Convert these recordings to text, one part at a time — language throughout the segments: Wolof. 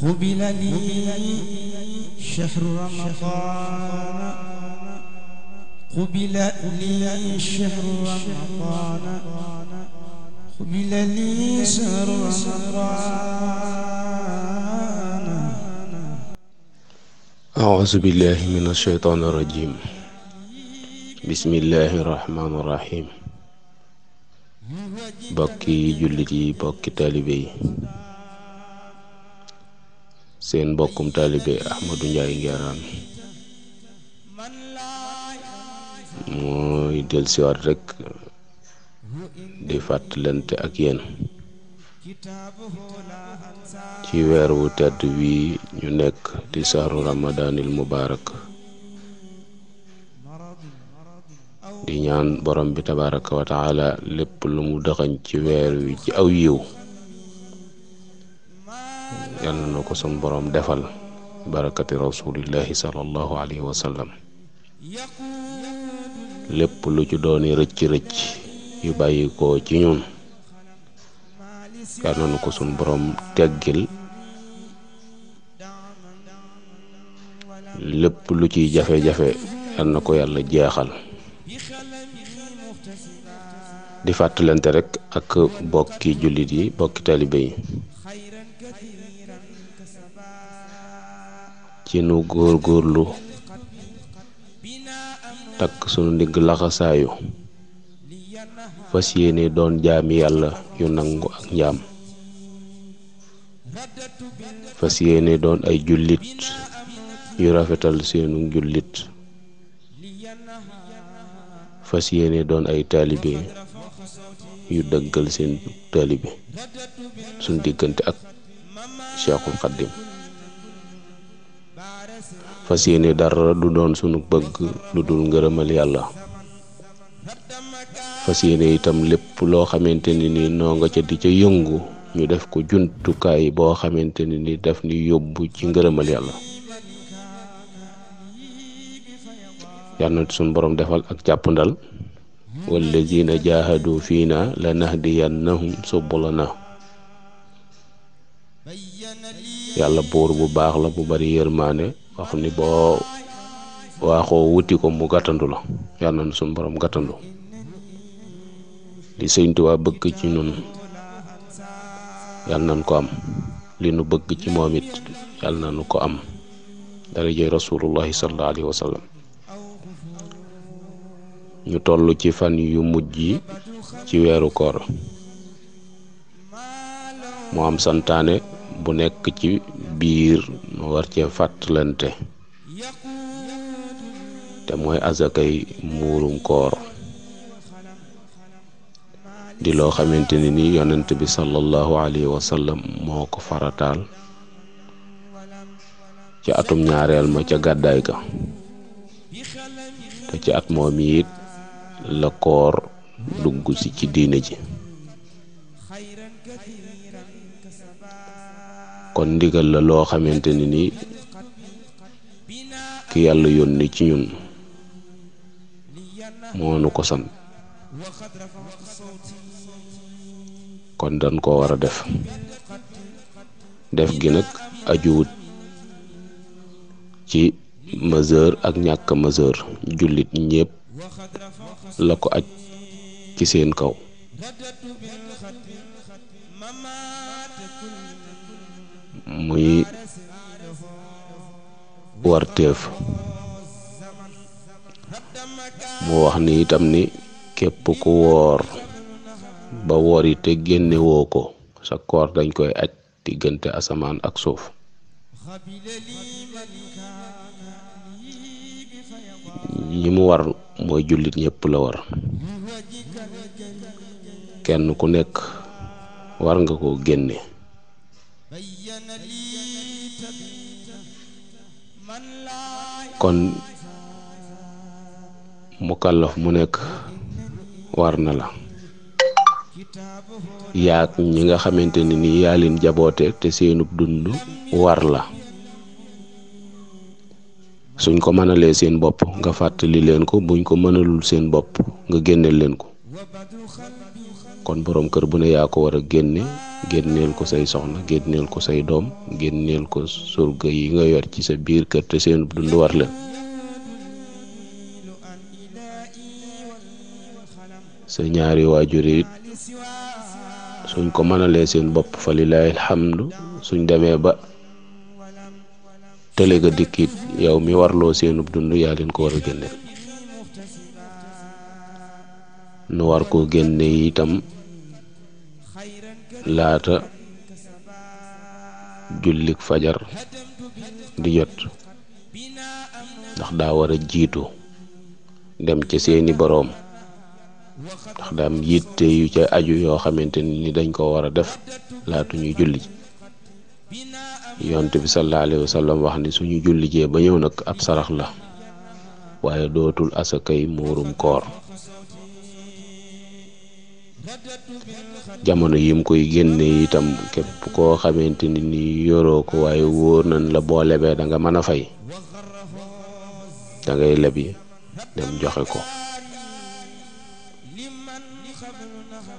قبل لي شهر رمضان قبل لي شهر رمضان قبل لي شهر رمضان أعوذ بالله من الشيطان الرجيم بسم الله الرحمن الرحيم bokki jullit yi bokki taalibe yi seen mbokkum taalibe Ahmadou Ndiaye Nguerane mooy dellusiwaat rek di fàttalante ak yéen ci weer wu tedd wi ñu nekk di saaru ramadaanil mubaarak di ñaan borom bi tabaraka wa taala lépp lu mu dëxañ ci weer wi ci aw yiw yàlla na ko sun boroom defal barakati rasulillahi sallallahu alayhi lépp lu ci dooni rëcc-rëcc yu bàyyi ko ci ñun yàlla na ko sun boroom teggil lépp lu ciy jafe-jafe yàlla na ko yàlla jeexal di fàttalante rekk ak bokki jullit yi bokki talibe yi ci nu góor góorlu takk sunu ndigg laxasaayu fas yéene doon jaami yàlla yu nangu ak njaam fas yéene doon ay jullit yu rafetal seenu jullit fas yéene doon ay taalibe yu dëggal seen taalibe suñ diggante ak Cheikhul Khadim fas yéene dara du doon sunu bëgg ludul dul ngërëmal yàlla fas yéene itam lépp loo xamante ni ni noo nga ca di ca yëngu ñu def ko juntukaay boo xamante ni ni daf ni yóbbu ci ngërëmal yàlla yàlla sunu borom defal ak jàppandal wallazina jaahadu fiina lanahdiyannahum subulana yàlla buur bu baax la bu bari yërmaane wax ni boo waaxoo wuti ko mu gàttandu la yàlla na suñu borom gàttandu li sëñ bëgg ci ñun yàlla nañ ko am li nu ci moom it yàlla nañu ko am darajay rasulullahi sallallahu alayhi wa ñu toll ci fan yu mujj yi ci weeru koor mu am santaane bu nekk ci biir mu war cee fàttalante te mooy azakay muurum koor di loo xamante ni ni yonent bi sallallahu alayhi wa moo ko farataal ci atum ñaareel ma ca gàddaay ga te ci at moom it la koor dugg si ci diine ji kon ndigal la loo xamante ni nii ki yàlla yónni ci ñun moo nu ko sant kon dañ koo war a def def gi nag ajuwut ci mesure ak ñàkk mesure jullit ñépp la ko aj ci seen kaw muy warteef mu wax ni itam ni képp ku woor ba woor yi te génne ko sa koor dañ koy aj diggante asamaan ak suuf ñi mu war mooy jullit ñëpp la war kenn ku nekk war nga ko génne kon mu mukallaf mu nekk war na la yaag ñi nga xamante ni nii yaa leen jaboote te seenub dund war la suñ ko mënalee seen bopp nga fàttali leen ko buñ ko mënalul seen bopp nga génneel leen ko kon boroom kër bu ne yaa ko war a génne génneel ko say soxna génneel ko say doom génneel ko surga yi nga yor ci sa biir kër te seen dund war leen sa ñaari waajur yi suñ ko mënalee seen bopp fa lilahi suñ demee ba tële ga dikkit yow mi warloo seenub dund yaa leen ko war a génneel nu war koo génne itam laata jullik fajar di jot ndax daa wara jiitu dem ci seeni boroom ndax daam yitte yu ca aju yoo xamante ni dañ ko war a def laatu ñuy julli yonte bi sallallahu wax ni suñu jullijee ba ñëw nag ab sarax la waaye dootul asakay muurum koor jamono yim koy génne itam képp koo xamante ni ni yoroo ko waaye wóor nañ la boo lebee da mën a fay da ngay lebi dem joxe ko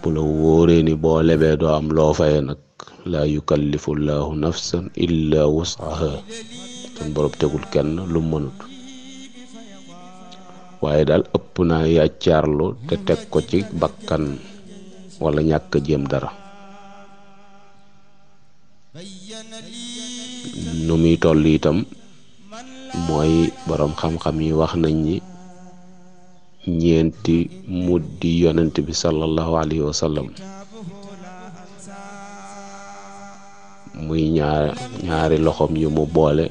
bu la wóoree ni boo lebee doo am loo faye nag la yukallifu nafsan illa wusaha sun borom tegul kenn lu mënut waaye daal ëpp na yàccaarlu te teg ko ci bakkan wala ñàkk a jéem dara nu muy toll itam mooy boroom xam-xam yi wax nañ ni ñeenti muddi yonent bi sallallahu alayhi wa sallam muy ñaari loxoom yu mu boole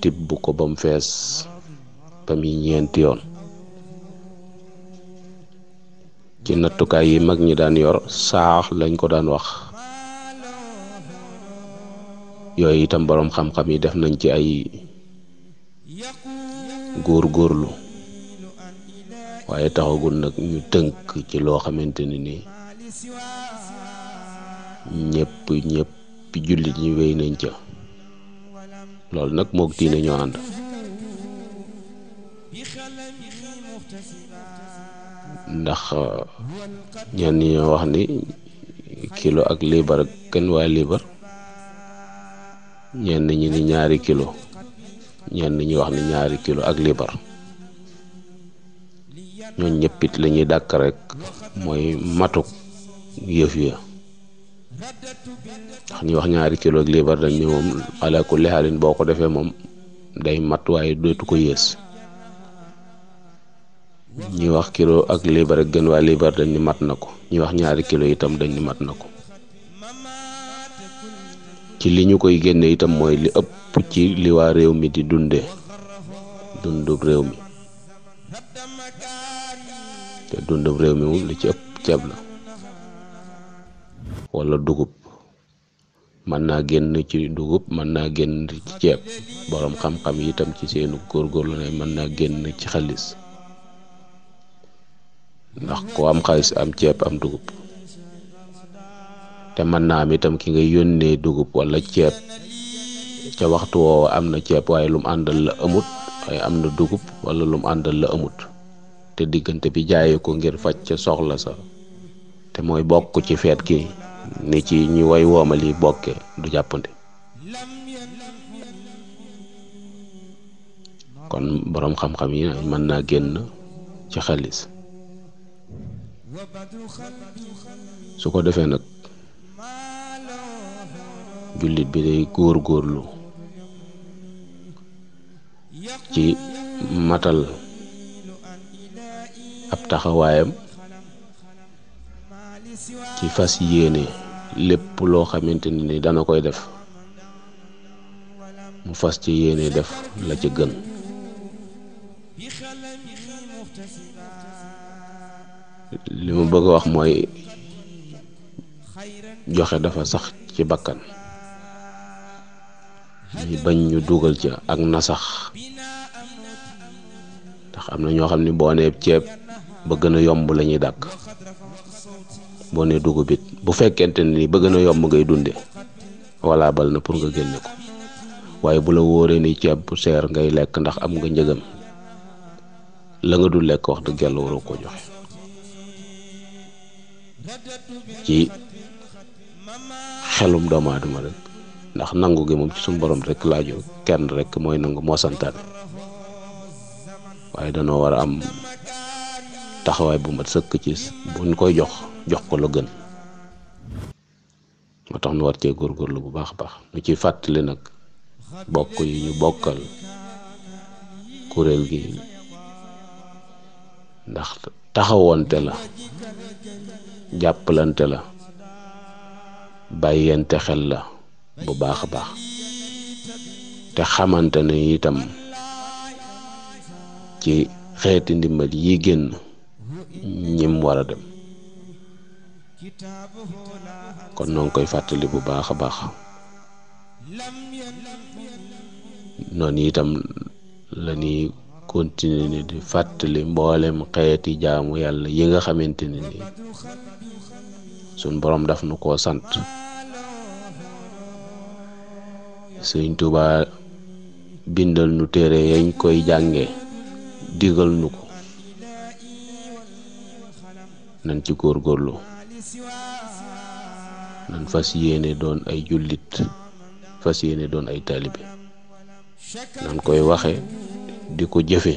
tibb ko ba mu fees ba muy ñeenti yoon ci nattukaay yi mag ñi daan yor saax lañ ko daan wax yooyu itam boroom xam-xam yi def nañ ci ay góor góorlu waaye taxagul nag ñu tënk ci loo xamante ne ni ñëpp ñëpp jullit ñi wéy nañ ca loolu nag moog diine ñoo ànd ndax ñenn ñoo wax ni kilo ak liibar ak kenn waaye liibar ñenn ñi ni ñaari kilo ñenn ñi wax ni ñaari kilo ak liibar ñooñ ñëppit lañuy ñuy dàkk rek mooy matuk yëf ya ndax ñi wax ñaari kilo ak liibar dañ ne moom ala kulli xaalin boo ko defee moom day mat waaye dootu ko yées ñuy wax kilo ak liibar ak gën waa liibar dañ ni mat na ko ñuy wax ñaari kilo itam dañ ni mat na ko ci li ñu koy génne itam mooy li ëpp ci li waa réew mi di dunde dundub réew mi te moom li ci ëpp ceeb la walla dugub mën naa génn ci dugub mën naa génn ci ceeb boroom xam-xam yi itam ci seenu góorgóorlu ne mën naa génn ci xalis ndax ko am xaalis am ceeb am dugub te mën naa am itam ki ngay yónnee dugub walla ceeb ca waxtu woowa am na ceeb waaye lum àndal la amut waaye am na dugub wala lum àndal la amut te diggante bi jaayee ko ngir faj ca soxla sa te mooy bokk ci feet gi ni ci ñi way woomal yi du jàppandi kon boroom xam-xam yi mën naa génn ci xalis su ko defee nag jullit bi day góor góorlu ci matal ab taxawaayam ci fas yéene lépp loo xamante ni dana koy def mu fas ci yéene def la ci gën li mu bëgg wax mooy joxe dafa sax ci bakkan ñu bañ ñu dugal ci ak nasax ndax am na ñoo xam ne boo nee ceeb bëgg na yomb la ñuy dàkk boo nee dugub it bu fekkente ni ba gën a yomb ngay dunde walla bal na pour nga génne ko waaye bu la wóoree ni ceeb bu seer ngay lekk ndax am nga njëgam la nga dul lekk wax dëgg yàlla waru ko joxe. ci xelum doomu rek ndax nangu gi moom ci suñu borom rek laaju kenn rek mooy nangu moo waaye danoo war a am taxawaay bu ma sëkk ci buñ koy jox jox ko la gën moo tax nu war cee góorgóorlu bu baax a baax nu ciy fàttali nag bokk yi ñu bokkal kuréel gi ndax taxawonte la jàppalante la bàyyente xel la bu baax a baax te xamante ne itam ci xeeti ndimbal yi génn ñim war a dem kon noo koy fàttali bu baax a baax noonu itam la ñuy continuer di fàttali mboolem xeeti jaamu yàlla yi nga xamante ne ni suñ boroom daf nu ko sant Sëriñ Tuubaa bindal nu téere yañ koy jànge digal nu ko nañ ci góorgóorlu nañ fas yéene doon ay jullit fas yéene doon ay taalibe nañ koy waxe di ko jëfe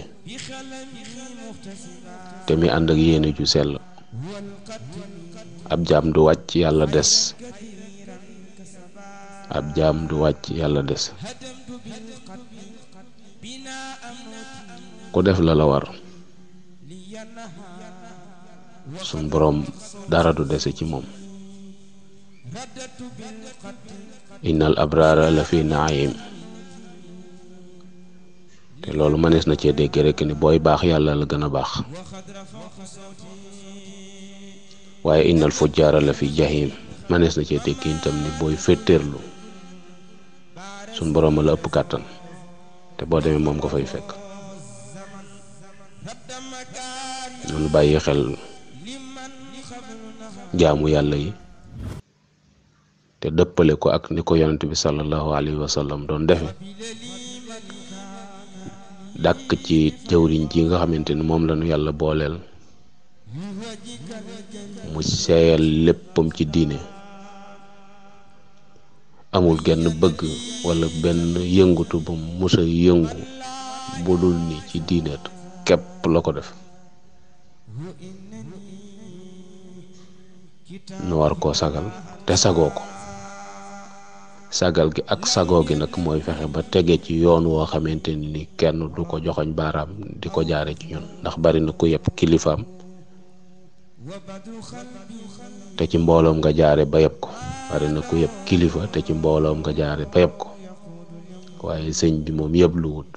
te mi ànd ak yéene ju sell ab jaam du wàcc yàlla des ab jaam du wàcc yàlla des ku def la la war suñ boroom dara du dese ci moom innal abraara la fi te loolu mënees na cee dégg rek ni booy baax yàlla la gën a baax waaye innal fujjaara la fi jahim mënees na cee dégg itam ni booy féeteerlu suñ boroom la ëpp kàttan te boo demee moom nga fay fekk noonu bàyyi xel jaamu yàlla yi te dëppale ko ak ni ko yonant bi sallallahu alayhi wa sallam doon defe dàkk ci jëwriñ ji nga xamante ni moom la yàlla booleel mu seeyal léppam ci diine amul genn bëgg walla benn yëngutu ba musa yëngu bu dul ni ci diine képp la ko def nu war koo sagal te sagoo ko sagal gi ak sagoo gi nag mooy fexe ba tege ci yoon woo xamante ni kenn du ko joxoñ baaraam di ko jaare ci ñun ndax bari na ku yëpp kilifaam te ci mbooloom nga jaare ba yëpp ko yëpp kilifa te ci mbooloom nga jaare ba ko waaye sëñ bi moom yëpp lu wut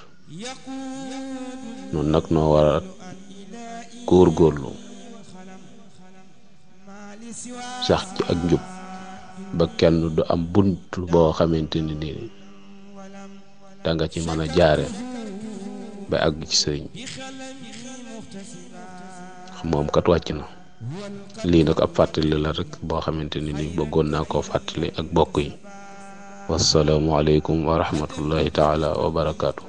noonu nag noo wara a góorgóorlu sax ci ak njub ba kenn du am bunt boo xamante ni nii da ci mën a jaare ba àgg ci sëriñ moom kat wàcc na lii nag ab fàttali la rek boo xamante ni nii bëggoon naa koo fàttali ak bokk yi wasalaamualeykum wa rahmatullahi taala wa